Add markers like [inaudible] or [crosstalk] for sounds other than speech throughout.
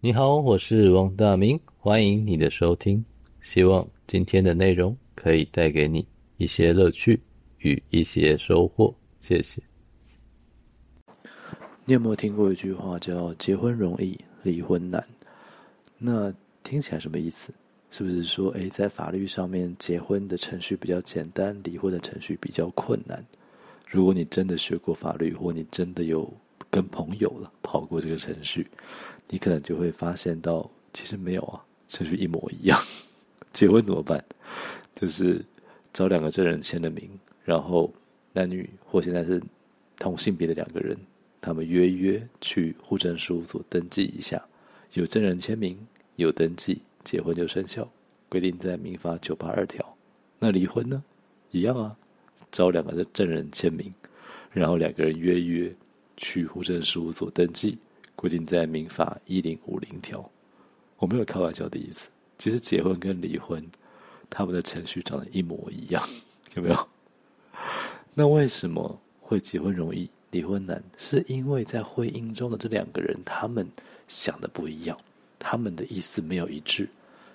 你好，我是王大明，歡迎你的收聽。希望今天的內容可以帶給你一些樂趣與一些收穫。謝謝。你有沒有聽過一句話叫“結婚容易，離婚難”？那聽起來什麼意思？是不是說，哎，在法律上面，結婚的程序比較簡單，離婚的程序比較困難？如果你真的學過法律，或你真的有跟朋友了跑過這個程序，你可能就會發現到，其實沒有啊，程序一模一樣。結婚怎麼辦？就是找兩個證人簽了名，然後男女或現在是同性別的兩個人，他們約約去戶政事務所登記一下，有證人簽名，有登記，結婚就生效，規定在民法九八二條。那離婚呢？一樣啊，找兩個的證人簽名，然後兩個人約約去戶政事務所登記，規定在民法一零五零條。我沒有開玩笑的意思，其實結婚跟離婚，他們的程序長得一模一樣，有沒有？那為什麼會結婚容易離婚難？是因為在婚姻中的這兩個人，他們想的不一樣。他們的意思沒有一致。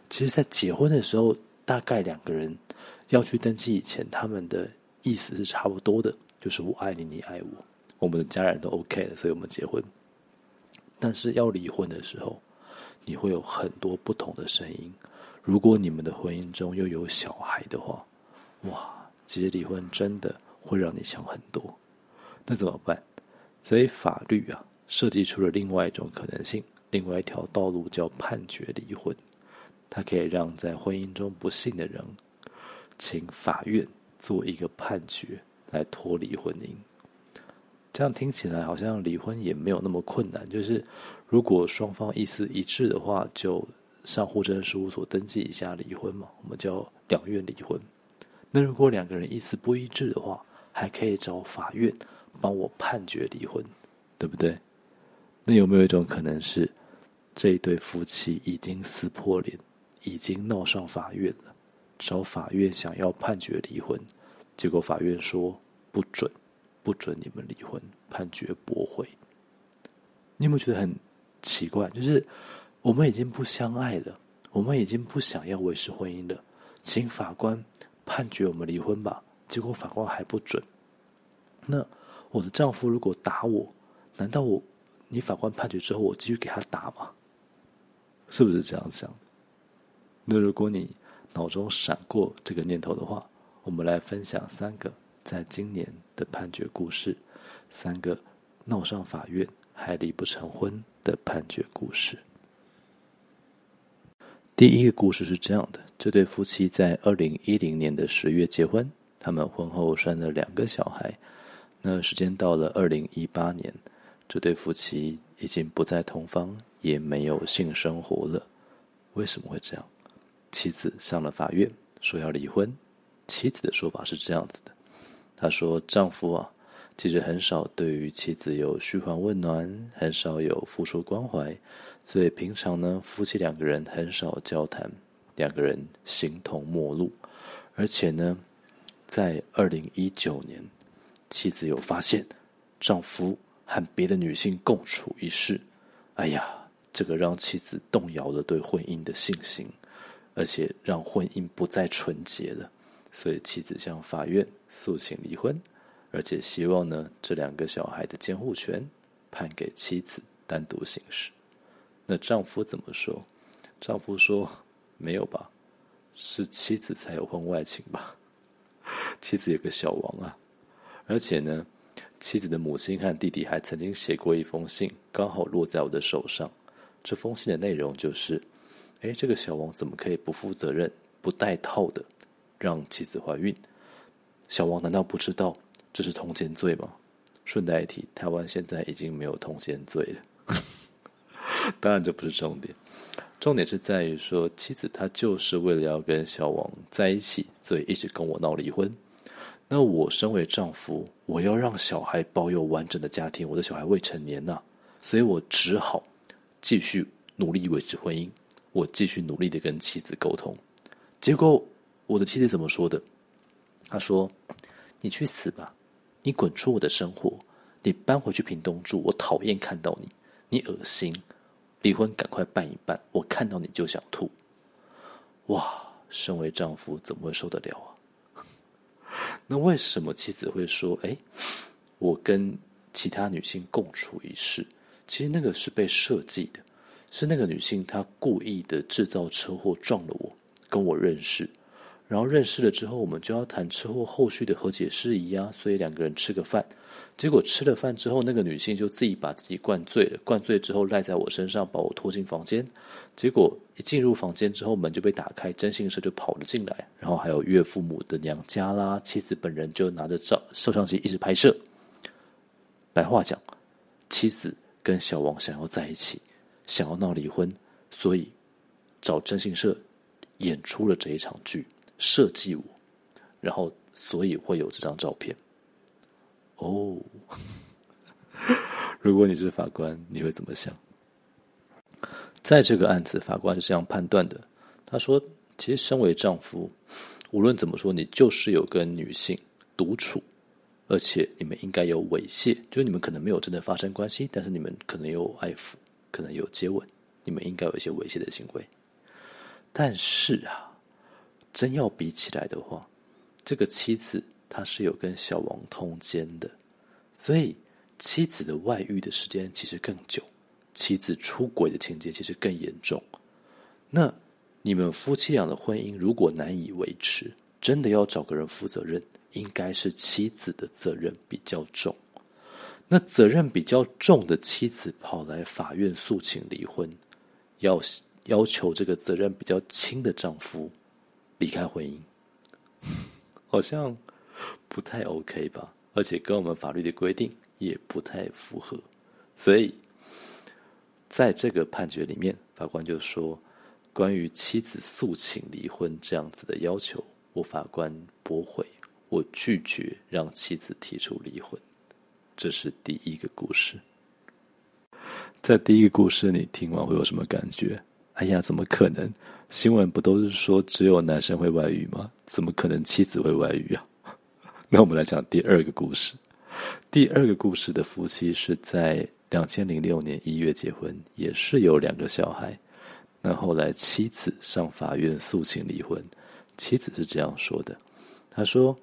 其實，在結婚的時候，大概兩個人要去登記以前，他們的意思是差不多的，就是“我愛你，你愛我，我們的家人都 OK 的”，所以我們結婚。但是，要離婚的時候，你會有很多不同的聲音。如果你們的婚姻中又有小孩的話，哇，其實離婚真的會讓你想很多。那怎麼辦？所以，法律啊，設計出了另外一種可能性。另外一條道路叫判決離婚，它可以讓在婚姻中不幸的人，請法院做一個判決來脫離婚姻。這樣聽起來好像離婚也沒有那麼困難，就是如果雙方意思一致的話，就上戶政事務所登記一下離婚嘛，我們叫兩願離婚。那如果兩個人意思不一致的話，還可以找法院幫我判決離婚，對不對？那有沒有一種可能是？這一對夫妻已經撕破臉，已經鬧上法院了，找法院想要判決離婚，結果法院說不准，不准你們離婚，判決駁回。你有沒有覺得很奇怪？就是我們已經不相愛了，我們已經不想要維持婚姻了，請法官判決我們離婚吧。結果法官還不准。那我的丈夫如果打我，難道我，你法官判決之後，我繼續給他打嗎？是不是這樣想？那如果你腦中閃過這個念頭的話，我們來分享三個在今年的判決故事，三個鬧上法院還離不成婚的判決故事。第一個故事是這樣的，這對夫妻在二零一零年的十月結婚，他們婚後生了兩個小孩。那時間到了二零一八年，這對夫妻已經不再同房。也沒有性生活了，為什麼會這樣？妻子上了法院，說要離婚。妻子的說法是這樣子的，她說，丈夫啊，其實很少對於妻子有噓寒問暖，很少有付出關懷，所以平常呢，夫妻兩個人很少交談，兩個人形同陌路。而且呢，在二零一九年，妻子有發現丈夫和別的女性共處一室，哎呀。這個讓妻子動搖了對婚姻的信心，而且讓婚姻不再純潔了。所以妻子向法院訴請離婚，而且希望呢這兩個小孩的監護權判給妻子單獨行使。那丈夫怎麼說？丈夫說：“沒有吧，是妻子才有婚外情吧？妻子有個小王啊，而且呢，妻子的母親和弟弟還曾經寫過一封信，剛好落在我的手上。”這封信的內容就是：哎，這個小王怎麼可以不負責任、不帶套的讓妻子懷孕？小王難道不知道這是通姦罪嗎？順帶一提，台灣現在已經沒有通姦罪了。 [laughs] 當然，這不是重點，重點是在於說，妻子她就是為了要跟小王在一起，所以一直跟我鬧離婚。那我身為丈夫，我要讓小孩保有完整的家庭，我的小孩未成年吶、啊，所以我只好，繼續努力維持婚姻，我繼續努力的跟妻子溝通，結果我的妻子怎麼說的？她說：“你去死吧！你滾出我的生活！你搬回去屏東住！我討厭看到你，你噁心！離婚趕快辦一辦！我看到你就想吐！”哇，身為丈夫怎麼會受得了啊？ [laughs] 那為什麼妻子會說：“哎，我跟其他女性共處一室？”其實那個是被設計的，是那個女性她故意的製造車禍撞了我，跟我認識，然後認識了之後，我們就要談車禍後續的和解事宜啊。所以兩個人吃個飯，結果吃了飯之後，那個女性就自己把自己灌醉了，灌醉之後賴在我身上，把我拖進房間。結果一進入房間之後，門就被打開，徵信社就跑了進來，然後還有岳父母的娘家啦，妻子本人就拿着照攝像機一直拍攝。白話講，妻子。跟小王想要在一起，想要鬧離婚，所以找徵信社演出了這一場劇，設計我，然後所以會有這張照片。哦呵呵，如果你是法官，你會怎麼想？在這個案子，法官是這樣判斷的：他說，其實身為丈夫，無論怎麼說，你就是有跟女性獨處。而且你們應該有猥褻，就是你們可能沒有真的發生關係，但是你們可能有愛撫，可能有接吻，你們應該有一些猥褻的行為。但是啊，真要比起來的話，這個妻子她是有跟小王通姦的，所以妻子的外遇的時間其實更久，妻子出軌的情節其實更嚴重。那你們夫妻倆的婚姻如果難以維持，真的要找個人負責任。應該是妻子的責任比較重，那責任比較重的妻子跑來法院訴請離婚，要要求這個責任比較輕的丈夫離開婚姻， [laughs] 好像不太 OK 吧？而且跟我們法律的規定也不太符合，所以在這個判決裡面，法官就說：“關於妻子訴請離婚這樣子的要求，我法官駁回。”我拒絕讓妻子提出離婚，這是第一個故事。在第一個故事你聽完會有什麼感覺？哎呀，怎麼可能？新聞不都是說只有男生會外遇嗎？怎麼可能妻子會外遇啊？ [laughs] 那我們來講第二個故事。第二個故事的夫妻是在兩千零六年一月結婚，也是有兩個小孩。那後來妻子上法院訴請離婚，妻子是這樣說的：“她說。”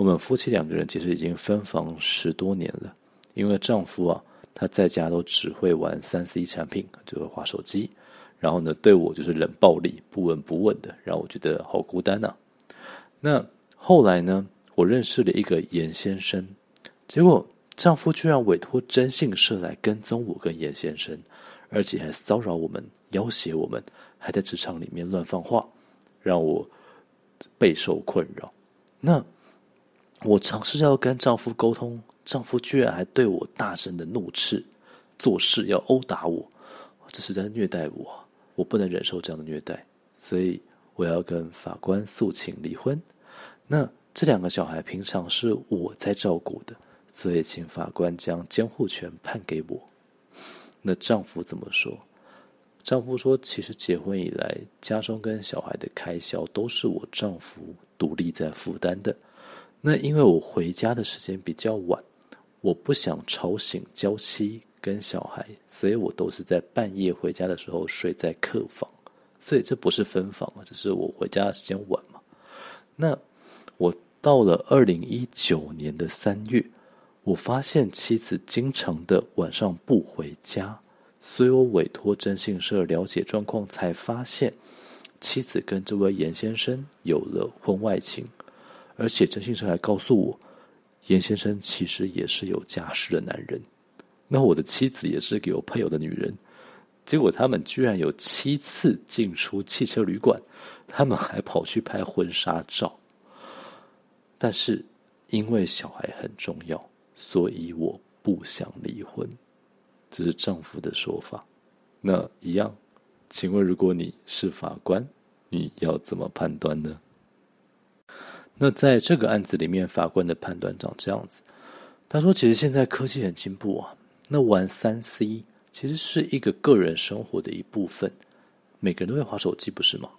我們夫妻兩個人其實已經分房十多年了，因為丈夫啊，他在家都只會玩三 C 產品，就會、是、滑手機，然後呢，對我就是冷暴力、不聞不問的，讓我覺得好孤單吶、啊。那後來呢，我認識了一個嚴先生，結果丈夫居然委託徵信社來跟蹤我跟嚴先生，而且還騷擾我們、要挾我們，還在職場裡面亂放話，讓我備受困擾。那。我嘗試要跟丈夫溝通，丈夫居然還對我大聲的怒斥，作勢要毆打我，這是在虐待我。我不能忍受這樣的虐待，所以我要跟法官訴請離婚。那這兩個小孩平常是我在照顧的，所以請法官將監護權判給我。那丈夫怎麼說？丈夫說，其實結婚以來，家中跟小孩的開銷都是我丈夫獨立在負擔的。那因為我回家的時間比較晚，我不想吵醒嬌妻跟小孩，所以我都是在半夜回家的時候睡在客房。所以這不是分房啊，只是我回家的時間晚嘛。那我到了二零一九年的三月，我發現妻子經常的晚上不回家，所以我委托徵信社了解狀況，才發現妻子跟這位嚴先生有了婚外情。而且陳先生還告訴我，嚴先生其實也是有家室的男人，那我的妻子也是個有配偶的女人，結果他們居然有七次進出汽車旅館，他們還跑去拍婚紗照。但是因為小孩很重要，所以我不想離婚，這是丈夫的說法。那一樣，請問如果你是法官，你要怎麼判斷呢？那在這個案子裡面，法官的判斷長這樣子。他說：“其實現在科技很進步啊，那玩三 C 其實是一個個人生活的一部分，每個人都會滑手機，不是嗎？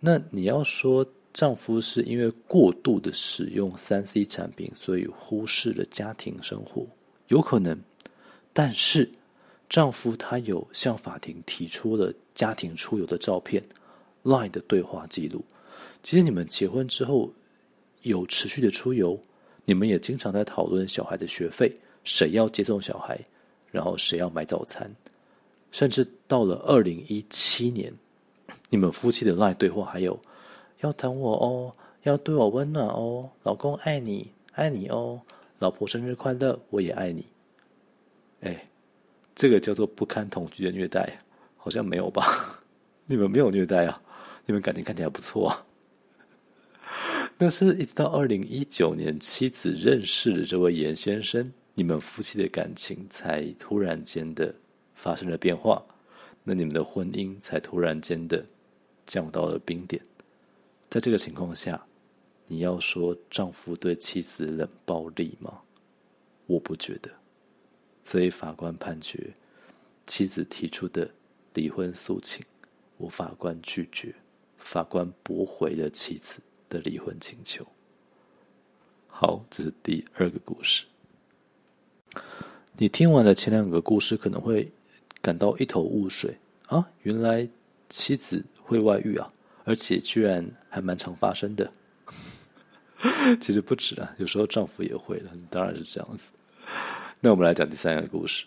那你要說丈夫是因為過度的使用三 C 產品，所以忽視了家庭生活，有可能。但是，丈夫他有向法庭提出了家庭出遊的照片、Line 的對話記錄。其實你們結婚之後。”有持續的出遊，你們也經常在討論小孩的學費，誰要接送小孩，然後誰要買早餐，甚至到了二零一七年，你們夫妻的 line 對話還有要疼我哦，要對我溫暖哦，老公愛你愛你哦，老婆生日快樂，我也愛你。哎，這個叫做不堪同居的虐待，好像沒有吧？ [laughs] 你們沒有虐待啊？你們感情看起來不錯啊。可是，一直到二零一九年，妻子認識了這位嚴先生，你們夫妻的感情才突然間的發生了變化。那你們的婚姻才突然間的降到了冰點。在這個情況下，你要說丈夫對妻子冷暴力嗎？我不覺得。所以，法官判決妻子提出的離婚訴請，我法官拒絕，法官駁回了妻子。的離婚請求。好，這是第二個故事。你聽完了前兩個故事，可能會感到一頭霧水啊！原來妻子會外遇啊，而且居然還蠻常發生的。 [laughs] 其實不止啊，有時候丈夫也會的，當然是這樣子。那我們來講第三個故事。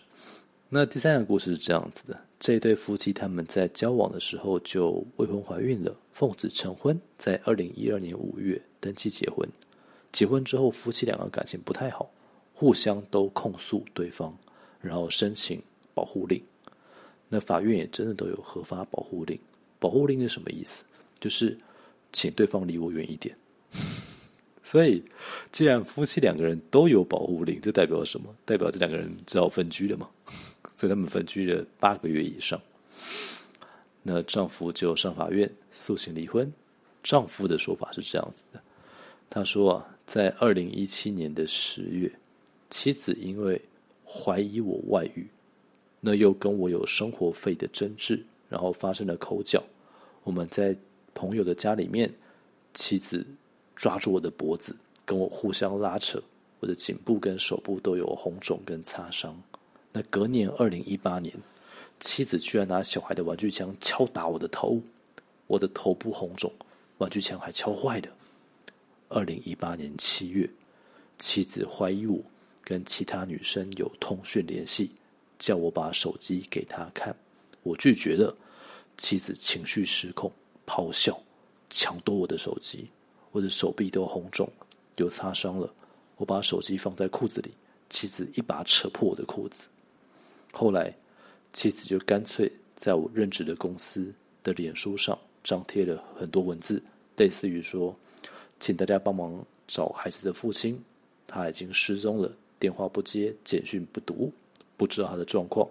那第三個故事是這樣子的：這一對夫妻他們在交往的時候就未婚懷孕了，奉子成婚，在二零一二年五月登記結婚。結婚之後，夫妻兩個感情不太好，互相都控訴對方，然後申請保護令。那法院也真的都有核發保護令。保護令是什麼意思？就是請對方離我遠一點。所以，既然夫妻兩個人都有保護令，這代表什麼？代表這兩個人就要分居了嘛。 [laughs] 所以他們分居了八個月以上，那丈夫就上法院訴請離婚。丈夫的說法是這樣子的：他說啊，在二零一七年的十月，妻子因為懷疑我外遇，那又跟我有生活費的爭執，然後發生了口角。我們在朋友的家裡面，妻子，抓住我的脖子，跟我互相拉扯，我的頸部跟手部都有紅腫跟擦傷。那隔年二零一八年，妻子居然拿小孩的玩具槍敲打我的頭，我的頭部紅腫，玩具槍還敲壞了。二零一八年七月，妻子懷疑我跟其他女生有通訊聯繫，叫我把手機給她看，我拒絕了，妻子情緒失控，咆哮，搶奪我的手機。我的手臂都紅腫，又擦傷了。我把手機放在褲子裡，妻子一把扯破我的褲子。後來，妻子就乾脆在我任職的公司的臉書上張貼了很多文字，類似於說：“請大家幫忙找孩子的父親，他已經失蹤了，電話不接，簡訊不讀，不知道他的狀況。”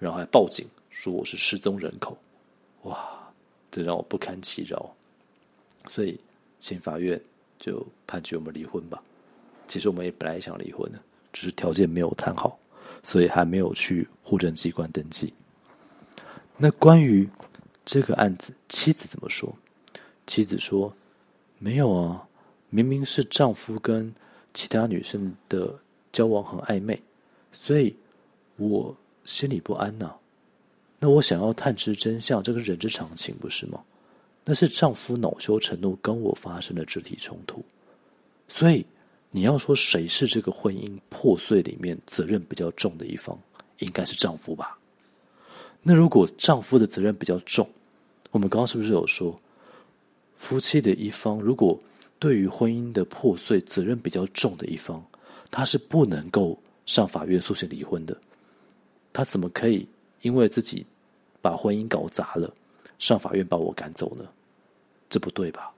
然後還報警說我是失蹤人口。哇，這讓我不堪其擾。所以。請法院就判決我們離婚吧。其實我們也本來想離婚的，只是條件沒有談好，所以還沒有去戶政機關登記。那關於這個案子，妻子怎麼說？妻子說：“沒有啊，明明是丈夫跟其他女生的交往很曖昧，所以我心裡不安吶、啊。那我想要探知真相，這個是人之常情，不是嗎？”那是丈夫惱羞成怒，跟我發生了肢體衝突。所以你要說誰是這個婚姻破碎裡面責任比較重的一方，應該是丈夫吧？那如果丈夫的責任比較重，我們剛剛是不是有說，夫妻的一方如果對於婚姻的破碎責任比較重的一方，他是不能夠上法院訴請離婚的。他怎麼可以因為自己把婚姻搞砸了，上法院把我趕走呢？這不對吧？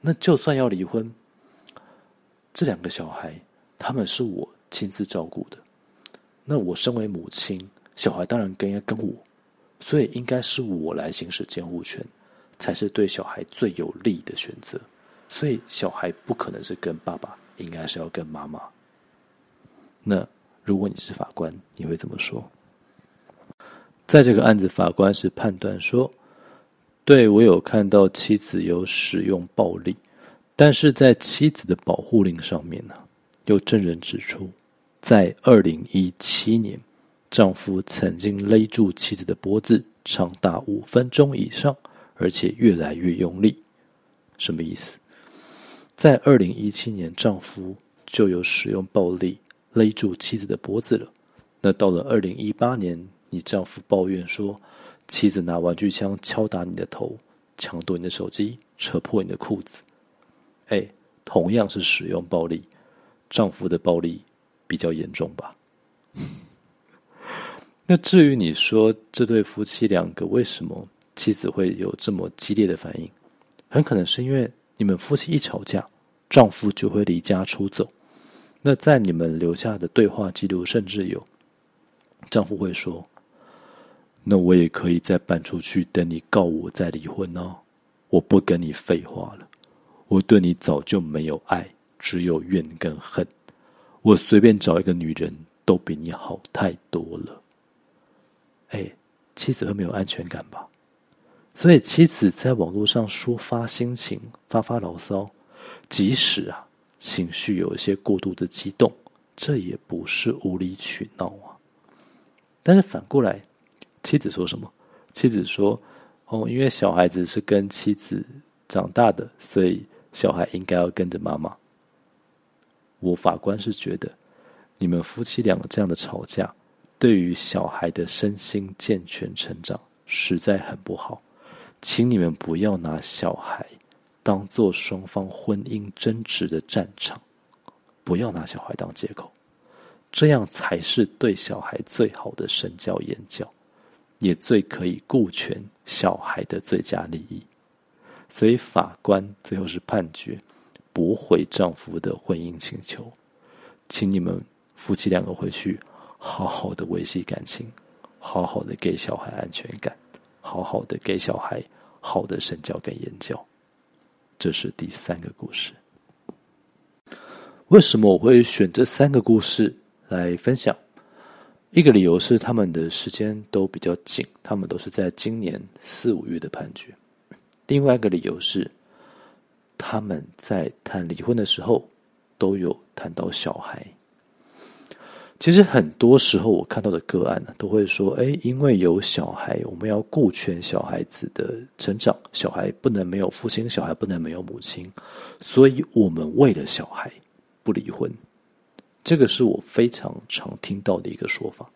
那就算要離婚，這兩個小孩，他們是我親自照顧的，那我身為母親，小孩當然更應該跟我，所以應該是我來行使監護權，才是對小孩最有利的選擇。所以小孩不可能是跟爸爸，應該是要跟媽媽。那如果你是法官，你會怎麼說？在這個案子，法官是判斷說。對，我有看到妻子有使用暴力，但是在妻子的保護令上面呢、啊，有證人指出，在二零一七年，丈夫曾經勒住妻子的脖子長達五分鐘以上，而且越來越用力。什麼意思？在二零一七年，丈夫就有使用暴力勒住妻子的脖子了。那到了二零一八年，你丈夫抱怨說。妻子拿玩具槍敲打你的頭，搶奪你的手機，扯破你的褲子。哎，同樣是使用暴力，丈夫的暴力比較嚴重吧？ [laughs] 那至於你說這對夫妻兩個為什麼妻子會有這麼激烈的反應，很可能是因為你們夫妻一吵架，丈夫就會離家出走。那在你們留下的對話記錄，甚至有丈夫會說。那我也可以再搬出去，等你告我再離婚哦啊。我不跟你廢話了。我對你早就沒有愛，只有怨跟恨。我隨便找一個女人都比你好太多了。哎，妻子會沒有安全感吧？所以妻子在網絡上抒發心情，發發牢騷，即使啊情緒有一些過度的激動，這也不是無理取鬧啊。但是反過來。妻子說什麼？妻子說：“哦，因為小孩子是跟妻子長大的，所以小孩應該要跟着媽媽。”我法官是覺得，你們夫妻兩個這樣的吵架，對於小孩的身心健全成長實在很不好，請你們不要拿小孩當作雙方婚姻爭執的戰場，不要拿小孩當借口，這樣才是對小孩最好的身教言教。也最可以顧全小孩的最佳利益，所以法官最後是判決駁回丈夫的婚姻請求，請你們夫妻兩個回去好好的維繫感情，好好的給小孩安全感，好好的給小孩好的身教跟言教。這是第三個故事。為什麼我會選這三個故事來分享？一個理由是，他們的時間都比較緊，他們都是在今年四五月的判決。另外一個理由是，他們在談離婚的時候都有談到小孩。其實很多時候，我看到的個案呢、啊，都會說：“哎，因為有小孩，我們要顧全小孩子的成長，小孩不能沒有父親，小孩不能沒有母親，所以我們為了小孩不離婚。”這個是我非常常聽到的一個說法，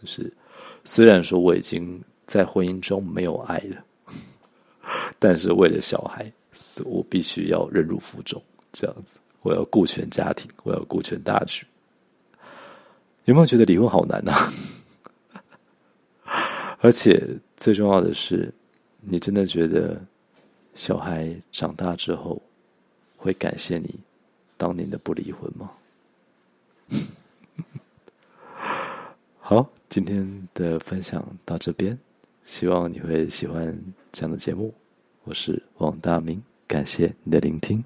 就是雖然說我已經在婚姻中沒有愛了，但是為了小孩，我必須要忍辱負重，這樣子，我要顧全家庭，我要顧全大局。有沒有覺得離婚好難啊？而且最重要的是，你真的覺得小孩長大之後會感謝你當年的不離婚嗎？ [laughs] 好，今天的分享到這邊，希望你會喜歡這樣的節目。我是王大明，感謝你的聆聽，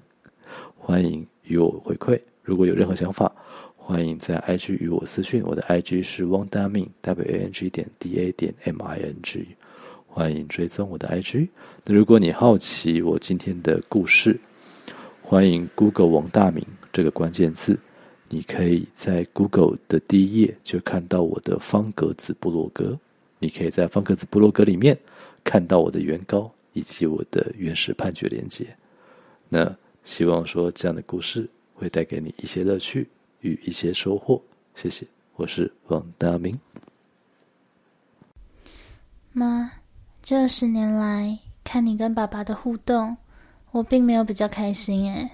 歡迎與我回饋。如果有任何想法，歡迎在 IG 與我私訊。我的 IG 是王大明 Wang 點 D A 點 M I N G，歡迎追蹤我的 IG。那如果你好奇我今天的故事，歡迎 Google 王大明這個關鍵字。你可以在 Google 的第一頁就看到我的方格子部落格，你可以在方格子部落格裡面看到我的原稿以及我的原始判決連結。那希望說這樣的故事會帶給你一些樂趣與一些收穫。謝謝，我是王大明。媽，這十年來看你跟爸爸的互動，我並沒有比較開心誒。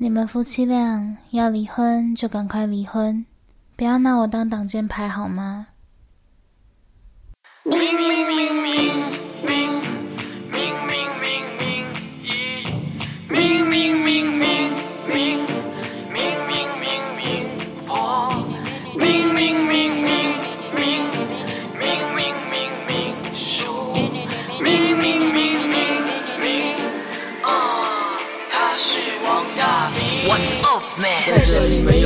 你們夫妻倆要離婚就趕快離婚，不要拿我當擋箭牌好嗎？咪咪